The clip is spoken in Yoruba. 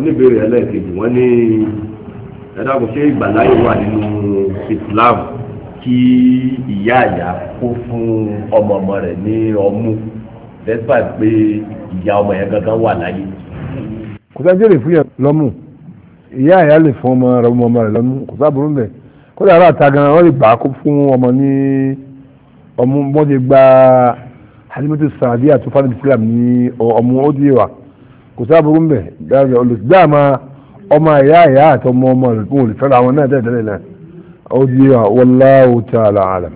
oníbèrè ẹlẹ́ẹ̀kejì wọ́n ní ẹ̀dàkùn ṣé ìgbàláyè wà nínú Islam kí ìyá àyà kó fún ọmọ ọmọ rẹ̀ ní ọmú despite pé ìyá ọmọ yẹn gangan wà láyé. kò sáájú lè fún yẹn lọ́mú ìyá àyà lè fún ọmọ rẹ̀ ọmọ rẹ̀ lọ́mú kò sábúrú mẹ́ kó dàrá àta gan wọ́n lè gbà á kó fún ọmọ ní ọmú wọ́n ti gba Halimatu Sa'adiya àti fáwọn ìfúlàmù ní ọmú ó dé wa kò sáàbùrú ń bẹ̀ dáadáa olùsídàmà ọmọ ìyá ìyá àtọmọ ọmọ rẹ̀ kò lè fẹ́ra wọn náà tẹ̀lé náà ó di wallahu ta'ala alam